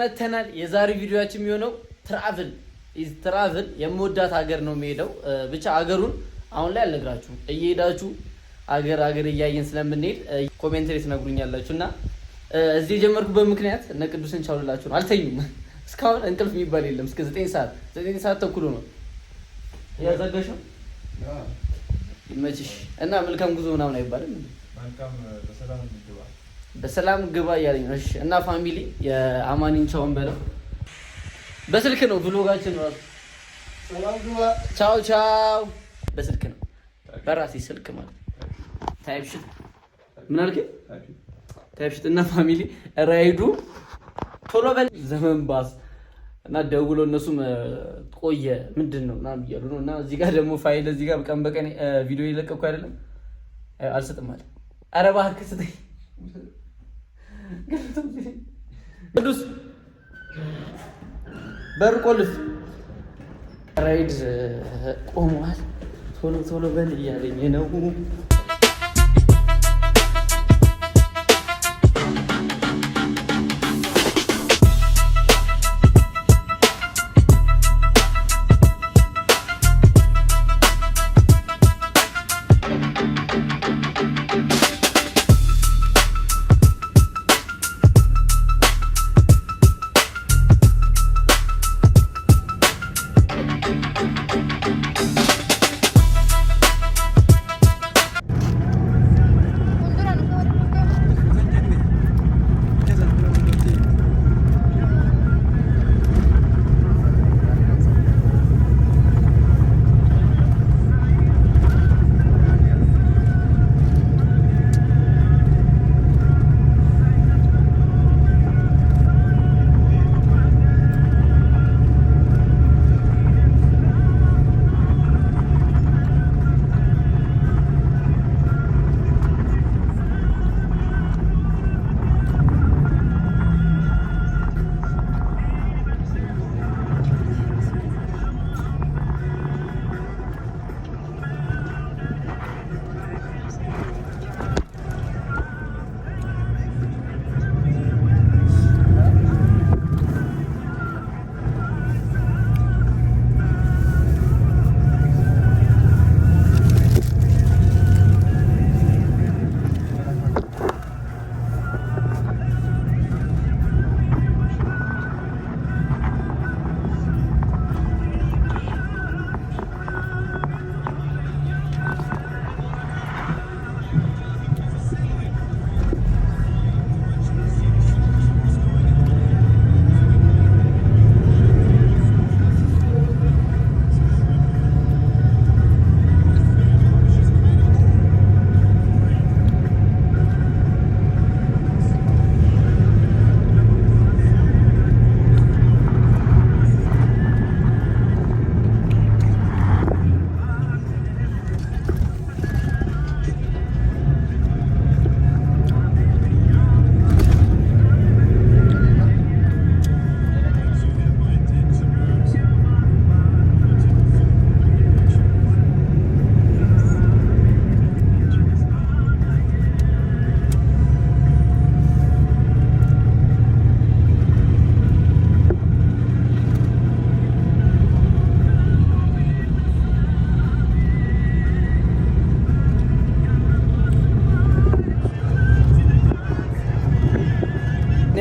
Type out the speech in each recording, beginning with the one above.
መተናል። የዛሬ ቪዲዮችን የሚሆነው ትራቭል ኢዝ ትራቭል የምወዳት ሀገር ነው የሚሄደው። ብቻ ሀገሩን አሁን ላይ አልነግራችሁ እየሄዳችሁ አገር አገር እያየን ስለምንሄድ ኮሜንትሪ ትነግሩኛላችሁ። እና እዚህ የጀመርኩበት ምክንያት እነ ቅዱስን ቻውልላችሁ ነው። አልተኙም እስካሁን እንቅልፍ የሚባል የለም። እስከ ዘጠኝ ሰዓት ዘጠኝ ሰዓት ተኩል ነው ያዘጋሽው። ይመችሽ እና መልካም ጉዞ ምናምን አይባልም። መልካም በሰላም ይግባ በሰላም ግባ እያለኝ ነው። እሺ እና ፋሚሊ የአማኒን ቻውን በለው። በስልክ ነው ብሎጋችን ራሱ። ሰላም ግባ፣ ቻው ቻው። በስልክ ነው በራሴ ስልክ ማለት ታይፕሽት። ምን አልከኝ? ታይፕሽት እና ፋሚሊ ራይዱ ቶሎ በል ዘመን ባስ እና ደውሎ እነሱ ቆየ ምንድን ነው ምናምን እያሉ ነው። እና እዚህ ጋር ደግሞ ፋይል እዚህ ጋር ቀን በቀን ቪዲዮ እየለቀኩ አይደለም አልሰጥም አለ። ኧረ እባክህ ስጠኝ ቅዱስ በር ቆልፍ። ራይድ ቆሟል። ቶሎ ቶሎ በል እያለኝ ነው።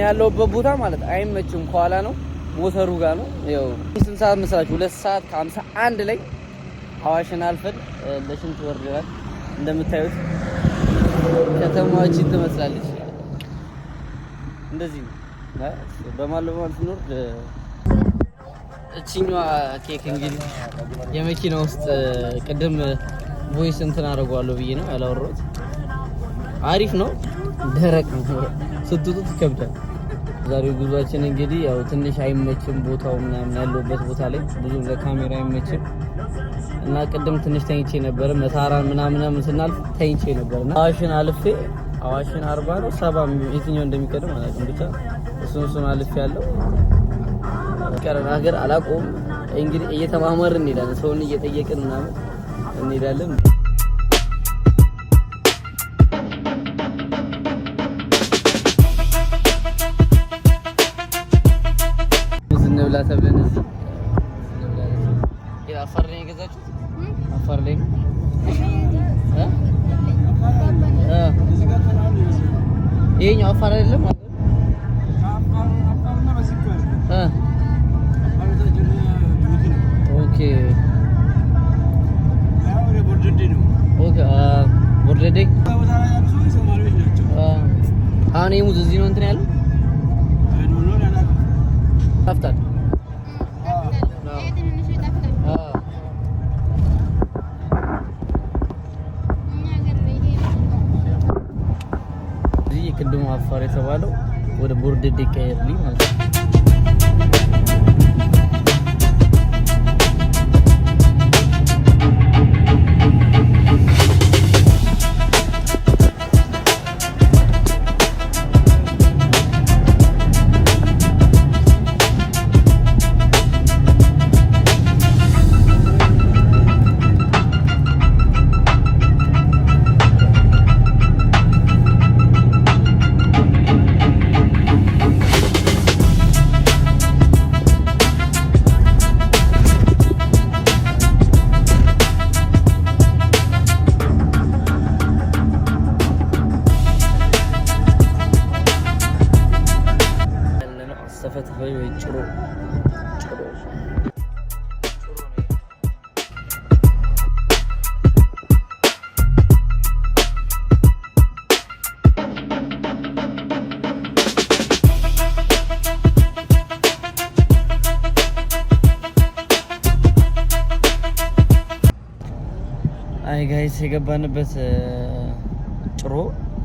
ያለሁበት ቦታ ማለት አይመችም። ከኋላ ነው፣ ሞተሩ ጋር ነው። ያው ስንት ሰዓት መስላችሁ? ሁለት ሰዓት ከሀምሳ አንድ ላይ አዋሽን አልፈን ለሽንት ወርደናል። እንደምታዩት ከተማችን ትመስላለች። እንደዚህ ነው በማለማል ትኖር እቺኛዋ ኬክ እንግዲህ የመኪና ውስጥ ቅድም ቮይስ እንትን አደርገዋለሁ ብዬ ነው ያላወራሁት። አሪፍ ነው። ደረቅ ስትጡ ትከብዳል። ዛሬው ጉዟችን እንግዲህ ያው ትንሽ አይመችም ቦታው ምናምን ያለውበት ቦታ ላይ ብዙ ለካሜራ አይመችም እና ቅድም ትንሽ ተኝቼ ነበረ መታራን ምናምን ስናልፍ ተኝቼ ነበር እና አዋሽን አልፌ አዋሽን አርባ ነው ሰባ የትኛው እንደሚቀድም አላውቅም። ብቻ እሱን እሱን አልፌ ያለው ቀረን ሀገር አላቆም እንግዲህ እየተማመርን እንሄዳለን። ሰውን እየጠየቅን ምናምን እንሄዳለን። ተብለን እዚህ አፋር ላይ የገዛችሁት አፋር ላይ ይሄኛው አፋር አይደለም ማለት አሁን ይሄ ሙዝ እዚህ ነው እንትን ያለው አፋር የተባለው ወደ ቦርደዴ ይቀየርልኝ ማለት ነው። ጋይስ የገባንበት ጭሮ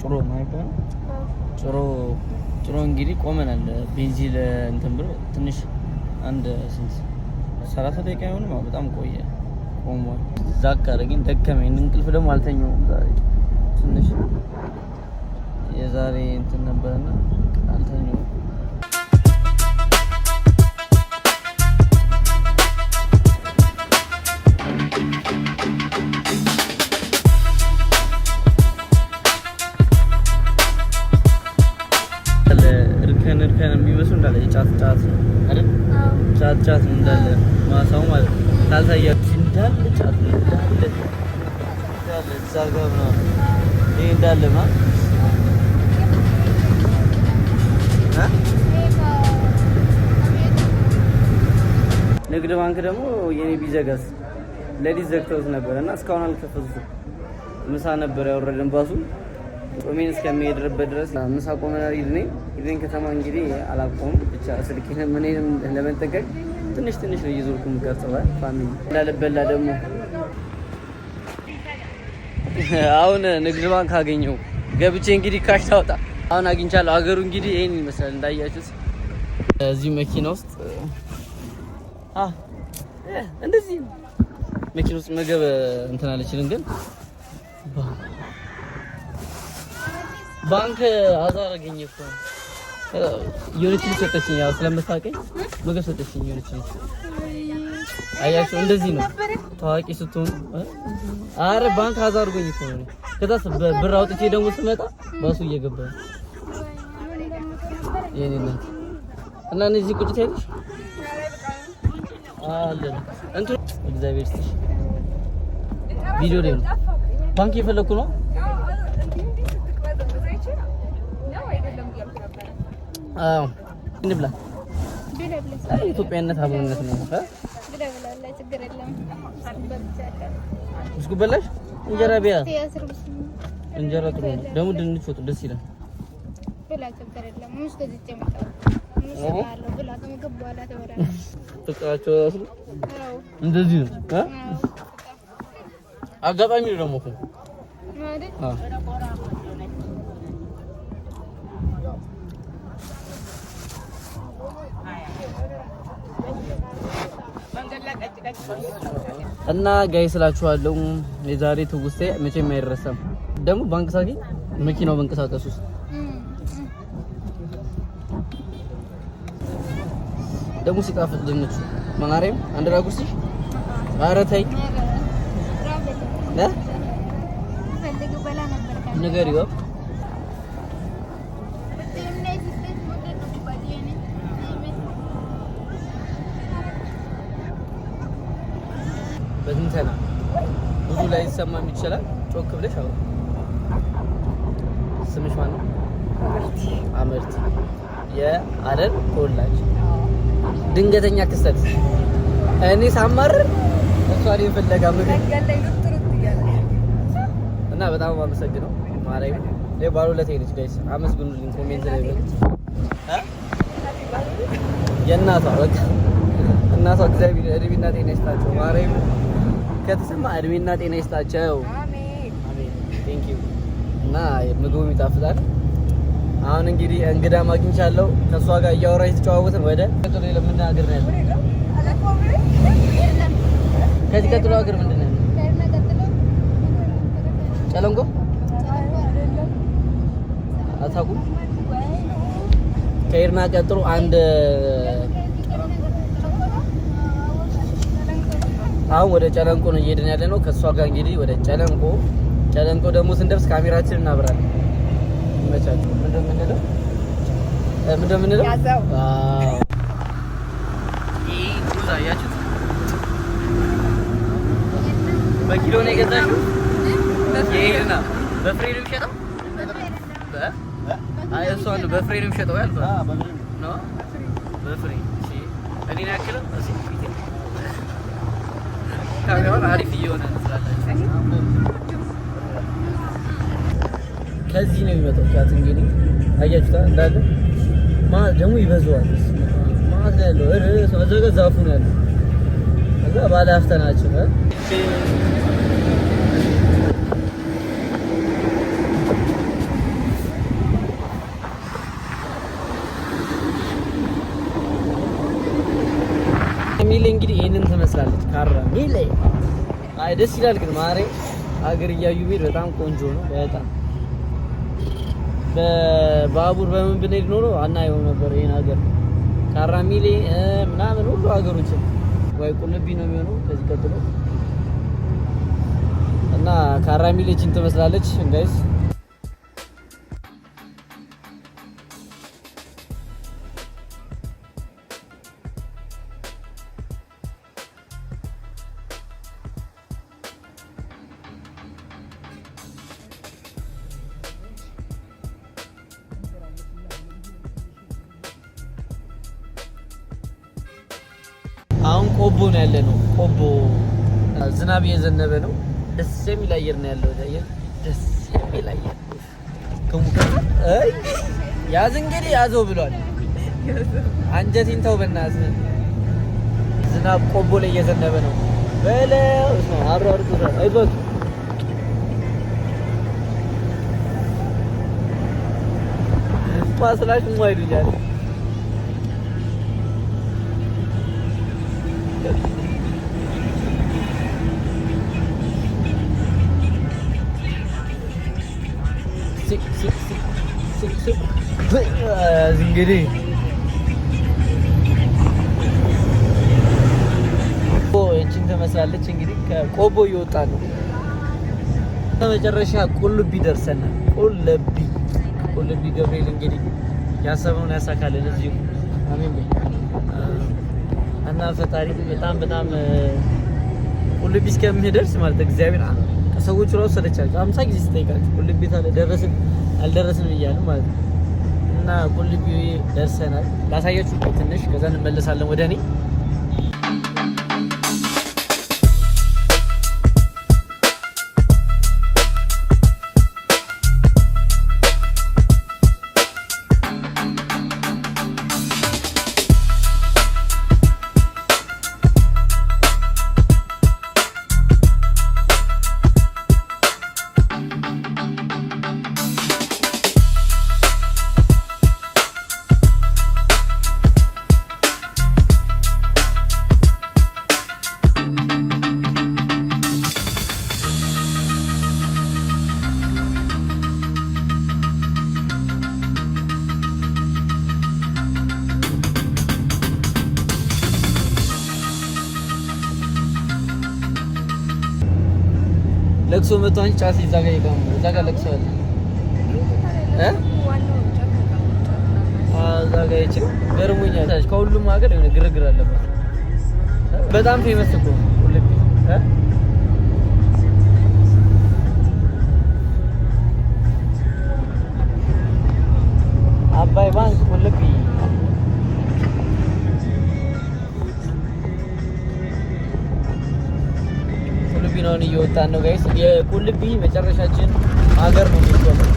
ጭሮ ማይባል ጭሮ ጭሮ እንግዲህ ቆመናል። ቤንዚል እንትን ብሎ ትንሽ አንድ ስንት ሰላሳ ደቂቃ የሆነ በጣም ቆየ ቆሟል። ዛቅ አደረገኝ፣ ደከመኝ። እንቅልፍ ደግሞ አልተኛውም ዛሬ ትንሽ የዛሬ እንትን ነበረና አልተኛውም። ባንክ ደግሞ የኔ ቢዘጋስ ለሊት ዘግተውት ነበር እና እስካሁን አልከፈቱትም። ምሳ ነበር ያወረደን ባሱ ጾሜን እስከሚሄድርበት ድረስ ምሳ ቆመና ሪድኔ ኢድኔን ከተማ እንግዲህ አላቆም ብቻ ስልኬን ምንም ለመጠቀቅ ትንሽ ትንሽ ነው እየዞርኩ ምቀርጸዋል ፋሚሊ እንዳልበላ ደግሞ አሁን ንግድ ባንክ አገኘው ገብቼ እንግዲህ ካሽ ታወጣ አሁን አግኝቻለሁ። አገሩ እንግዲህ ይህን ይመስላል እንዳያችሁት እዚህ መኪና ውስጥ እንደዚህ መኪና ውስጥ ምግብ እንትን አለችልን። ግን ባንክ አዛረገኝ እኮ ዩኒቲ ሰጠችኝ። ያው ስለምታውቀኝ ምግብ ሰጠችኝ አያችሁ፣ እንደዚህ ነው ታዋቂ አረ ባንክ አዛርጎኝ እኮ ነው። ብር አውጥቼ ደግሞ ስመጣ ባሱ እየገባ እናት እና እነዚህ ቁጭት ያለሽ እግዚአብሔር ቪዲዮ ላይ ነው ባንክ የፈለኩ ነው። ኢትዮጵያነት አብሮነት ነው። ብስኩት በላሽ? እንጀራ ቢያ እንጀራ ጥሩ ነው። ደግሞ ድንች ወጡ ደስ ይላል። ፍቅራቸው ራሱ እንደዚህ ነው። አጋጣሚ ደግሞ እና ጋይ ስላችኋለሁ የዛሬ ትውስቴ መቼም አይረሳም። ደግሞ ባንክ ሳኪ መኪናው መንቀሳቀሱ ደግሞ ሲጣፍጥ ድንቹ ማርያም አንድ ራጉስ ኧረ ተይ ንገሪዋ በትንተና ብዙ ላይ ይሰማም ይችላል። ጮክ ብለሽ አሁን ስምሽ ማነው? አመርቲ የአረር ተወላጅ ድንገተኛ ክስተት እኔ ሳማር እሷ እኔን ፍለጋ እና በጣም አመሰግነው ማርያም ይ ባሉ ለቴኒስ ጋይስ አመስግኑልኝ። ኮሜንት ላይ የእናቷ በቃ እናቷ እግዚአብሔር እድሜና ጤና ይስጣቸው። ማርያም ከተሰማ እድሜና ጤና ይስጣቸው። አሜን አሜን። ቴንክ ዩ እና ምግቡም ይጣፍጣል። አሁን እንግዲህ እንግዳ ማግኝቻለሁ። ከእሷ ጋር እያወራች ነው። ወደ ቀጥሎ ለምን ሀገር ነው ያለው? ከዚህ ቀጥሎ አገር ምንድን ነው? ጨለንቆ አታውቁም? ከኤርና ቀጥሎ አንድ አሁን ወደ ጨለንቆ ነው እየሄድን ያለ ነው። ከእሷ ጋር እንግዲህ ወደ ጨለንቆ ጨለንቆ ደግሞ ስንደርስ ካሜራችን እናብራለን። ምንድን ነው የምንለው? በኪሎ ነው የገዛሽው? በፍሬ ነው የሚሸጠው? አይ በፍሬ ነው የሚሸጠው ያልኩት። ከዚህ ነው የሚመጣው። ጫት እንግዲህ አያችሁታ እንዳለ ማለት ደግሞ ይበዛዋል። ማለት ያለው መዘገ ዛፉ ነው ያለው። ባለ ሀብት ናቸው። ሚል እንግዲህ ይህንን ትመስላለች። ካራ አይ ደስ ይላል ግን ማሬ እያዩ በጣም ቆንጆ ነው በጣም በባቡር በምን ብንሄድ ኖሮ አናየው ነበር ይሄን ሀገር ካራሚሌ ምናምን ሁሉ ሀገሮችን ወይ ቁልቢ ነው የሚሆነው ከዚህ ቀጥሎ እና ካራሚሌችን ትመስላለች እንጋይስ ደስ የሚል አየር ነው ያለው። ደስ የሚል አየር ያዝ እንግዲህ ያዘው ብሏል። አንጀቴን ተው በእናትህ። ዝናብ ቆቦ ላይ እየዘነበ ነው በለው። አብሮ አርጉ አይዞት ማስላሽ ሙ አይሉኛል እንግዲህ ትመስላለች። እንግዲህ ከቆቦ እየወጣ ነው። ቁልቢ ደርሰናል። ቁልቢ ቁልቢ ገብርኤል እንግዲህ ያሰበውን ያሳካልን እዚሁ አሜን እና ፈጣሪ በጣም በጣም ቁልቢ ማለት እግዚአብሔር ሰዎቹ ራሱ ሰለቻቸው። አምሳ ጊዜ ስጠይቃቸው ቁልቢ ደረስን አልደረስንም እያሉ ማለት ነው። እና ቁልቢ ደርሰናል። ላሳያችሁ ትንሽ፣ ከዛ እንመለሳለን ወደ እኔ ለቅሶ መቶ አንቺ ጫት እዛ ጋር ይቆም እዛ ጋር ለቅሶ አለ እ እዛ ጋር ይቺ ገርሞኛል። ከሁሉም ሀገር የሆነ ግርግር አለበት። በጣም ፌመስ እኮ ነው። እየመጣን ነው ጋይስ። የቁልቢ መጨረሻችን ሀገር ነው የሚቆመው።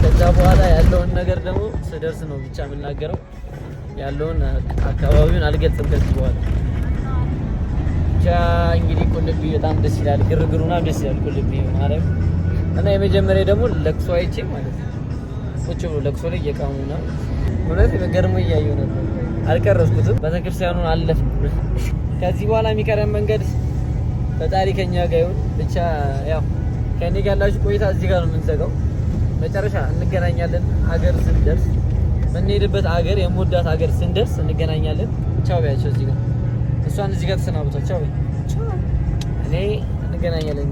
ከዛ በኋላ ያለውን ነገር ደግሞ ስደርስ ነው ብቻ የምናገረው። ያለውን አካባቢውን አልገልጽም ከዚህ በኋላ ብቻ። እንግዲህ ቁልቢ በጣም ደስ ይላል፣ ግርግሩና ደስ ይላል ቁልቢ ማለት እና የመጀመሪያ ደግሞ ለቅሶ አይቼ ማለት ነው ቁጭ ብሎ ለቅሶ ላይ እየቃሙ ነው። እውነት ገርሞ እያየሁ ነበር። አልቀረስኩትም። ቤተክርስቲያኑን አለፍ። ከዚህ በኋላ የሚቀረን መንገድ ፈጣሪ ከኛ ጋር ይሁን። ብቻ ያው ከኔ ጋር ያላችሁ ቆይታ እዚህ ጋር ነው የምንዘጋው። መጨረሻ እንገናኛለን። አገር ስንደርስ የምንሄድበት አገር የምወዳት አገር ስንደርስ እንገናኛለን። ቻው ቢያቸው እዚህ ጋር እሷን እዚህ ጋር ተሰናብቷቸው እኔ እንገናኛለን።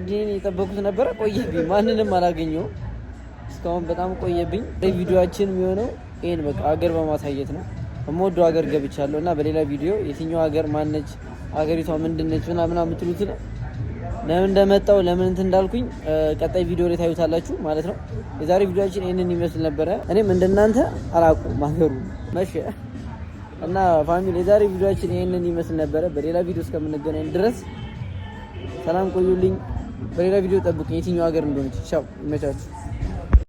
ጓደኛዬን የጠበኩት ነበረ። ቆየብኝ፣ ማንንም አላገኘሁም እስካሁን። በጣም ቆየብኝ። ቪዲዮችን የሚሆነው ይህን በቃ አገር በማሳየት ነው። የምወደው ሀገር ገብቻለሁ እና በሌላ ቪዲዮ የትኛው ሀገር ማነች፣ ሀገሪቷ ምንድነች ምናምን የምትሉት ለምን እንደመጣው ለምን እንትን እንዳልኩኝ ቀጣይ ቪዲዮ ላይ ታዩታላችሁ ማለት ነው። የዛሬ ቪዲዮችን ይህንን ይመስል ነበረ። እኔም እንደናንተ አላውቅም ሀገሩ መሸ እና ፋሚሊ የዛሬ ቪዲዮችን ይህንን ይመስል ነበረ። በሌላ ቪዲዮ እስከምንገናኝ ድረስ ሰላም ቆዩልኝ። በሌላ ቪዲዮ ጠብቁኝ፣ የትኛው ሀገር እንደሆነች። ቻው፣ ይመቻችሁ።